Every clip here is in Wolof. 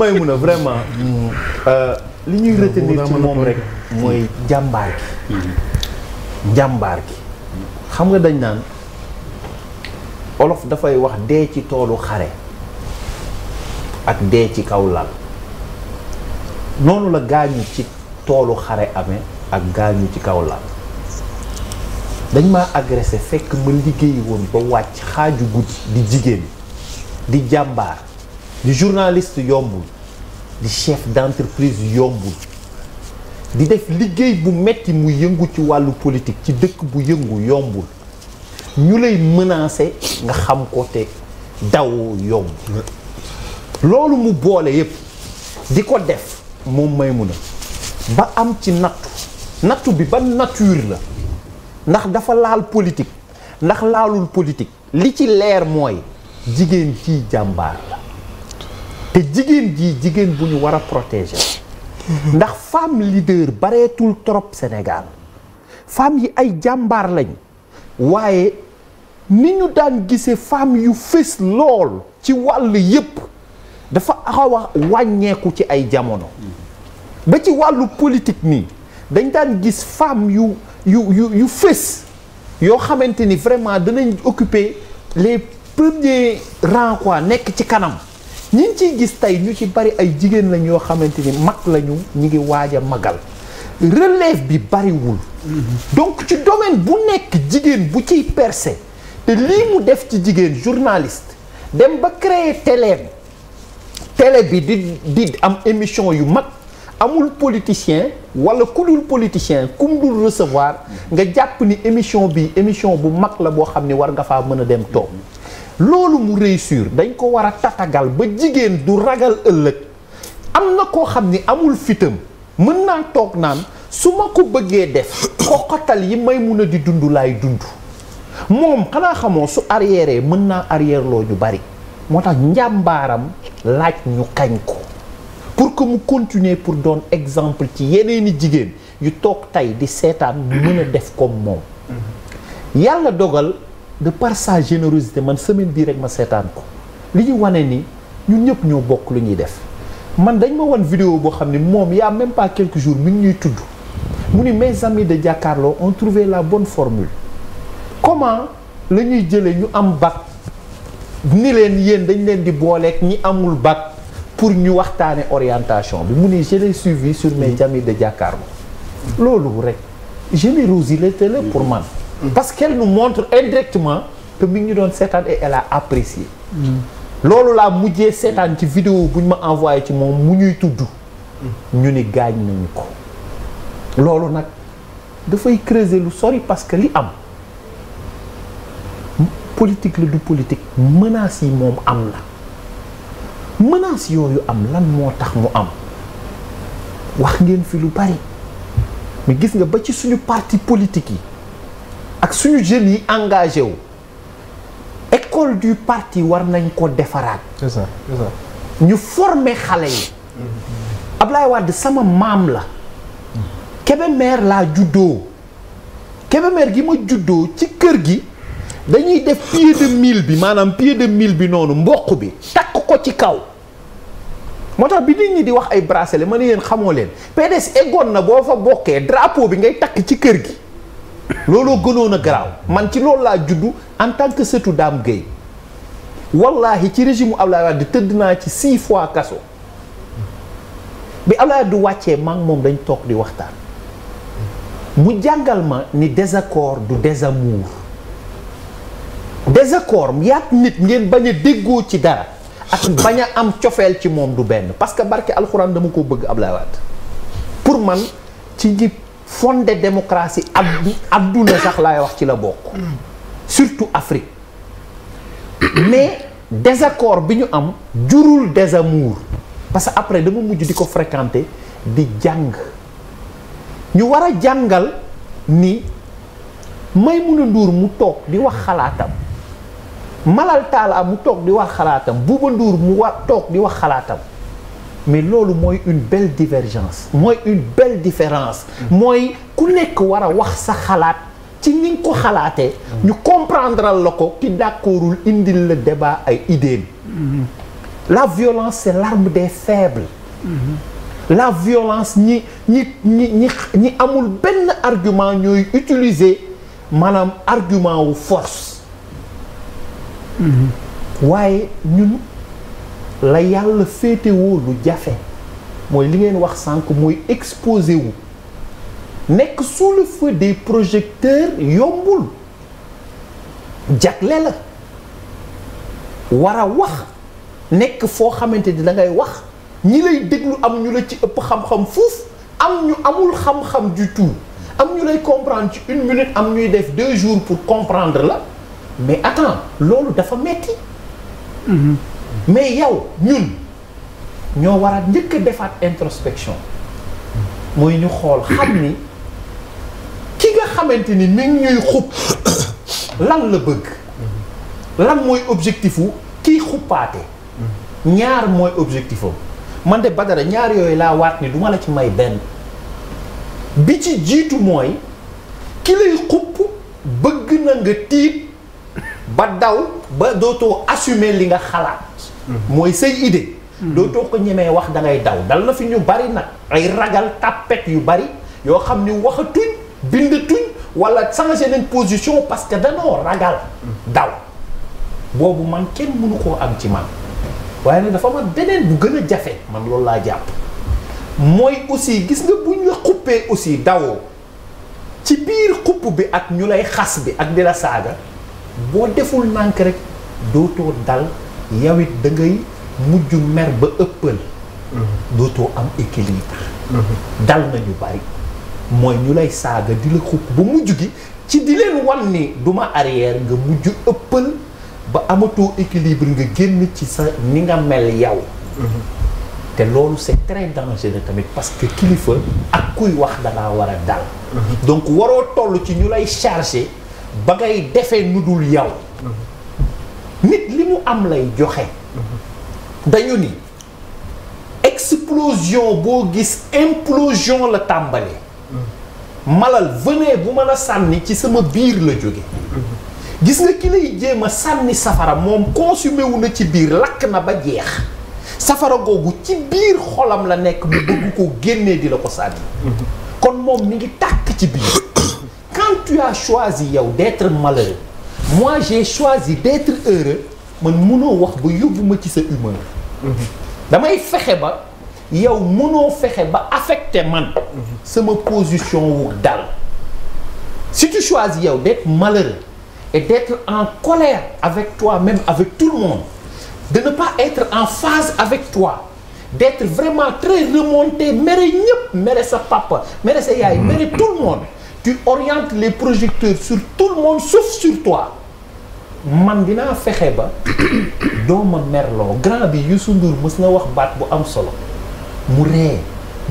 may mun a vraiment euh, li ñuy retenir ci moom rek mooy jàmbaar gi jàmbaar gi xam nga dañ naan olof dafay wax dee ci toolu xare ak dee ci kaw lal noonu la gaañu ci toolu xare ame ak gaañu ci kaw lal dañ ma agressé fekk ma liggéey woon ba wàcc xaaju guddi di jigéen di jàmbaar di journaliste yombul di chef d'entreprise yombul di def liggéey bu metti mu yëngu ci wàllu politique ci dëkk bu yëngu yombul ñu lay menacer nga xam ko te daw yomb loolu mu boole yépp di ko def moom may mun a ba am ci nattu nattu bi ba nature la ndax dafa laal politique ndax laalul politique li ci leer mooy jigéen ciy jàmbaar te jigéen ji jigéen bu ñu war a protéger ndax femme leader bareetul trop Sénégal femme yi ay jàmbaar lañ waaye ni ñu daan gisee femme yu fës lool ci wàll yépp dafa xaw a wàññeeku ci ay jamono ba ci wàllu politique nii dañ daan gis femme yu yu yu fës yoo xamante ni vraiment danañ occuper le premiers rangs nekk ci kanam ñi ngi ciy gis tey ñu ci bari ay jigéen lañ yoo xamante ni mag lañu ñu ngi waaj a magal relève bi bariwul. Mm-hmm. donc ci domaine bu nekk jigéen bu ciy percé te lii mu def ci jigéen journaliste dem ba créer télé télé bi di di am émission yu mag amul politicien wala ku dul politicien kum dul recevoir nga jàpp ni émission bi émission bu mag la boo xam ni war nga faa mën a dem toog. Mm-hmm. loolu mu réussir dañ ko war a tatagal ba jigéen du ragal ëllëg am na koo xam ni amul fitam mën naa toog naan su ma ko bëggee def xoxatal yi may mun a di dund laay dund moom xanaa xamoo su arrière mën naa arrière loo ñu bari moo tax njàmbaaram laaj ñu kañ ko pour que mu continuer pour doon exemple ci yeneeni jigéen yu toog tey di seetaan mën a def ko moom mm-hmm. yàlla dogal de par sa générosité man semaine bii rek ma seetaan ko li ñu wane ni ñun ñëpp ñoo bokk lu ñuy def man dañ ma wan vidéo boo xam ne moom y a même pas quelques jours mi ngi ñuy tudd mu ni mes amis de Jakaarlo ont trouvé la bon formule comment la ñuy jëlee ñu am bac ni leen yéen dañ leen di booleek ñi amul bac pour ñu waxtaane orientation bi mu ni je suivi sur mes mm-hmm. amis de Jakaarlo loolu rek générosité la pour man parce qu'elle nous montre indirectement que mi ngi ñu doon seetaan et elle a apprécié. Mm. loolu laa mujjee seetaan ci vidéo bu ñu ma envoyé ci moom mu ñuy tudd. Mm. ñu ni gaañ nañu ko. loolu nag dafay creuser lu sori parce que li am politique la du politique menaces yi moom am na menaces yooyu am lan moo tax mu am wax ngeen fi lu bari mais gis nga ba ci suñu parti politique yi. suñu jeunes yi engagé wu école du parti war nañ ko defaraat. c'est ça c'est ça. ñu former xale yi. Ablaye Wade sama maam la. Kébémer laa juddoo. Kébémer gi ma juddoo ci kër gi. dañuy def pied mille bi maanaam pied de mil bi noonu mboq bi takk ko ci kaw moo tax bi nit ñi di wax ay bracelet ma ne yéen xamoo leen PDS eggoon na boo fa bokkee drapeau bi ngay takk ci kër gi looloo gënoon a garaaw man ci loolu laa juddu en tant que sëtu Dame Gueye wallaahi ci régime mu Abdoulaye Wade tëdd naa ci six fois kaso bi Abdoulaye du wàccee maa moom dañ toog di waxtaan mu jàngal ma ni désaccord du désamour désaccord yaat nit ngeen bañ a déggoo ci dara ak bañ a am cofeel ci moom du benn parce que barke alxuraan dama ko bëgg Abdoulaye Wade pour man ci ñi fondé démocratie ab adduna sax laay wax ci la bokk surtout Afrique mais désaccord bi ñu am jurul désamour parce que après dama mujj di ko fréquenter di jàng ñu war a jàngal ni Maïmouna nduur mu toog di wax xalaatam Malal a mu toog di wax xalaatam Bouba Ndour mu war toog di wax xalaatam mais loolu mooy une belle divergence mooy une belle différence mooy ku nekk war a wax sa xalaat ci ni ko xalaatee ñu comprendral la ko ki d'accordul indil la débat ay idéem la violence c'est l'arme des faibles la violence ñi ñi ñi ñi ñi amul benn argument ñooy utiliser maanaam argument wu force mm-hmm. waaye ñun la yàlla féetewoo lu jafe mooy li ngeen wax sànq mooy exposé nekk sous le feu des projecteurs yombul jagle la war a wax nekk foo xamante ni da ngay wax ñi lay déglu am ñu la ci ëpp xam-xam fuuf am ñu amul xam-xam du tout am ñu lay comprendre ci une minute am ñuy def deux jours pour comprendre la mais attends loolu dafa metti mm-hmm. mais yow ñun ñoo waraat njëkk a defaat introspection mooy ñu xool xam ni ki nga xamante ni mi ngi ñuy xub lan la bëgg lan mooy objectif wu kii xuppaate ñaar mooy objectif man de Badara ñaar yooyu laa waat ni duma la ci may benn bi ci jiitu mooy ki lay xupp bëgg na nga tiit ba daw ba dootoo assumé li nga xalaat mooy say idée. dootoo ko ñemee wax da ngay daw dal na fi ñu bari nag ay ragal tàppet yu bari yoo xam ni waxatuñ bindatuñ wala changé nañ position parce que danoo ragal. daw boobu man kenn mënu koo am ci man. waaye nag dafa ma beneen bu gën a jafe man loolu laa jàpp mooy aussi gis nga buñ la xuppee aussi dawoo ci biir xupp bi ak ñu lay xas bi ak di saaga boo deful nànk rek dootoo dal. yow it da ngay mujj mer ba ëppal. Mm-hmm. dootoo am équilibre. Mm-hmm. dal na ñu bari. mooy ñu lay saaga di la xupp ba mujj gi ci di leen wan ni du ma arrière nga mujj ëppal ba amatoo équilibre nga génn ci sa ni nga mel yow. Mm-hmm. te loolu c'est très dangereux tamit parce que kilifa ak kuy wax da ngaa war a dal. donc waroo toll ci ñu lay charger ba ngay defe nu dul yow. nit li mu am lay joxe dañu ni explosion boo gis implosion la tàmbali malal venez bu ma la sànni ci sama biir la jóge gis nga ki lay jéem a sànni safara moom consumé na ci biir lakk na ba jeex safara googu ci biir xolam la nekk mu bëgg ko génnee di la ko sànni kon moom mi ngi tàkk ci biir quand tu choisi yow d'être malheureux moi j'ai choisi d'être heureux man munoo wax ba yóbbu ma ci sa humeur damay fexe ba yow munoo fexe ba affecté man sama position wu dal si tu choisis yow d'être malheureux et d'être en colère avec toi-même avec tout le monde de ne pas être en phase avec toi d'être vraiment très remonté mere ñëpp mere sa papa mere sa yaay mere tout le monde tu orientes les projecteurs sur tout le monde sauf sur toi man dinaa fexe ba dooma merloo grand bi Youssou Ndour mës na wax baat bu am solo mu ree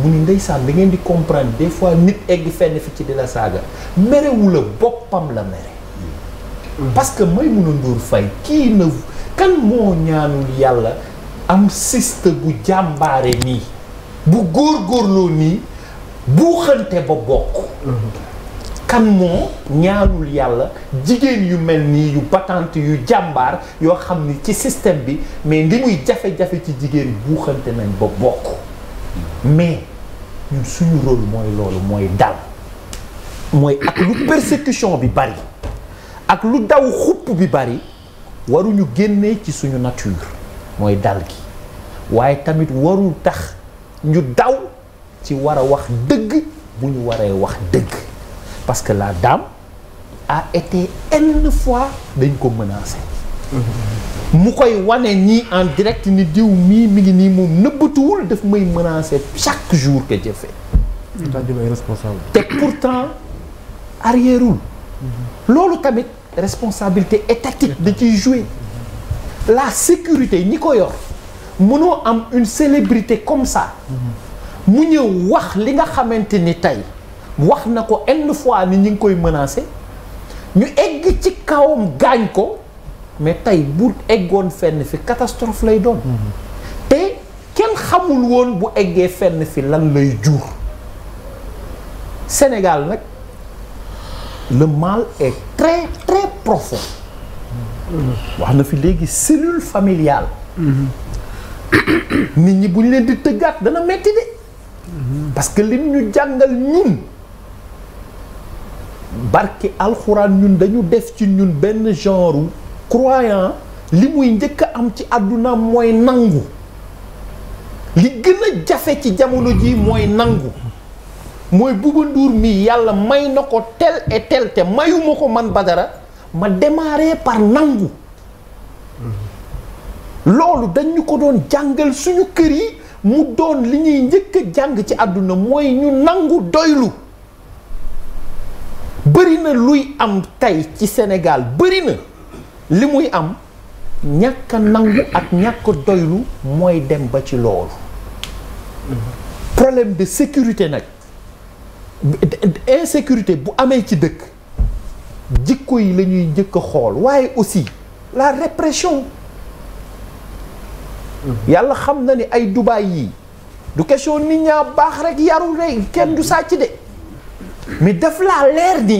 mu ni ndeysaan da ngeen di comprendre des fois nit egg fenn fi ci di saaga merewu la boppam la mere parce que Maimouna Ndour Faye kii na kan moo ñaanul yàlla am siste bu jàmbaare nii bu góorgóorloo nii buuxante xante ba bokk mm-hmm. kan moo ñaanul yàlla jigéen yu mel nii yu battante yu jàmbaar yoo xam ni ci système bi mais li muy jafe-jafe ci jigéen buuxante nañ ba bokk mais ñun suñu rôle mooy loolu mooy dal mooy ak lu persécution bi bari ak lu daw xupp bi bari waruñu génnee ci suñu nature mooy dal gi waaye tamit warul tax ñu daw ci war a wax dëgg bu ñu waree wax dëgg parce que la dame a été une fois dañ ko menacé. mu koy wane nii en direct ni diw mii mi ngi nii moom nëbbatuwul daf may menacer chaque jour que jëfe te pourtant arrièreul loolu tamit responsabilité étatique da ciy jouer la sécurité ñi ko yor mënoo am une célébrité comme ça mu ñëw wax li nga xamante ni tey wax na ko une fois ni ñi ngi koy menacé ñu egg ci kawam gaañ ko mais tey bu eggoon fenn fi catastrophe lay doon te kenn xamul woon bu eggee fenn fi lan lay jur Sénégal nag le mal est très très profond wax na fi léegi cellule familiale nit ñi bu ñu leen di tëggaat dana metti de parce que li ñu jàngal ñun barki alxuraan ñun dañu def ci ñun benn genre croyant li muy njëkk am ci àdduna mooy nangu li gëna jafe ci jamono ji mooy nangu mooy Bouba Ndour mi yàlla may na ko tel et tel te mayuma ko man Badara ma démarrer par nangu loolu dañu ko doon jàngal suñu kër yi mu doon li ñuy njëkk jàng ci àdduna mooy ñu nangu doylu bëri na luy am tey ci Sénégal bëri na li muy am ñàkk a nangu ak ñàkk doylu mooy dem ba ci loolu problème de sécurité nag insécurité bu amee ci dëkk jikko yi lañuy ñuy njëkk a xool waaye aussi la répression yàlla xam na ni ay Dubaï yi du question nit ñaa baax rek yaru rek kenn du sàcc de mais daf laa leer ni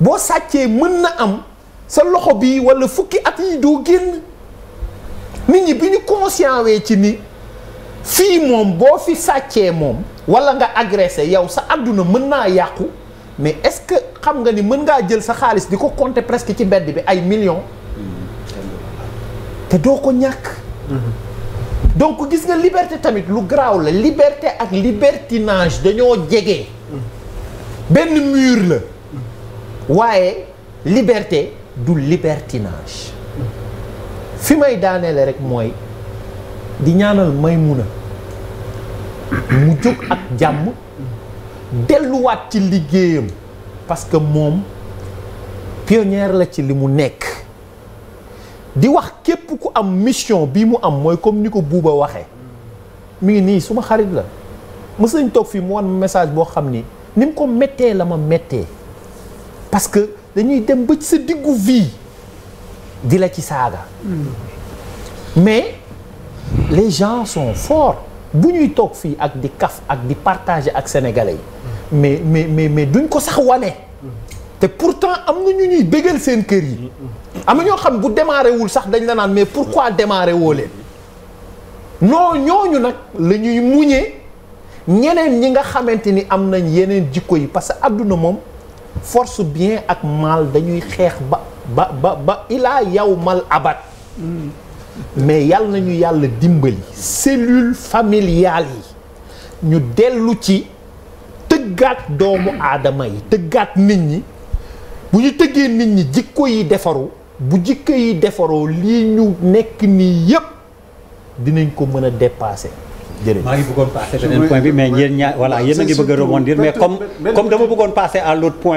boo sàccee mën na am sa loxo bii walla fukki at yi doo génn nit ñi bi ñu conscient wee ci ni fii moom boo fi sàccee moom walla nga agressé yow sa àdduna mën naa yàqu mais est-ce que xam nga ni mën ngaa jël sa xaalis di ko compter presque ci mbedd bi ay million te doo ko ñàkk mm-hmm. donc gis nga liberté tamit lu graaw la liberté ak libertinage dañoo jege. benn mur la waaye liberté du libertinage fi may daaneele rek mooy di ñaanal Maymuna mu jóg ak jàmm delluwaat ci liggéeyam parce que moom pionnière la ci li mu nekk di wax képp ku am mission bi mu am mooy comme ni ko buuba waxee mu ngi nii suma xarit la mës nañ toog fii mu wan message boo xam ni ni mu ko méttee la ma méttee parce que dañuy dem ba sa diggu vie di la ci saaga. mais les gens sont forts bu ñuy toog fii ak di kaf ak di partager ak sénégalais yi. mais mais mais mais duñ ko sax wane. te pourtant am na ñu ñuy bégal seen kër yi. am na ñoo xam bu démarré wul sax dañ la naan mais pourquoi démarré woo leen. non ñooñu nag la muñee. ñeneen ñi nga xamante ni am nañ yeneen jikko yi parce que àdduna moom force bien ak mal dañuy xeex ba ba ba ilaa yow mal abat mm. mais yàlla nañu yàlla dimbali cellule familiale yi ñu dellu ci tëggaat doomu aadama yi tëggaat nit ñi bu ñu tëggee nit ñi jikko yi defaru bu jikko yi defaroo lii ñu nekk nii yépp dinañ ko mën a dépasser jërëjëf maa ngi bëggoon passer beneen point bi mais yéen ñaar voilà yéen a ngi bëgg rebondir mais comme comme dama bëggoon passer à l'autre point.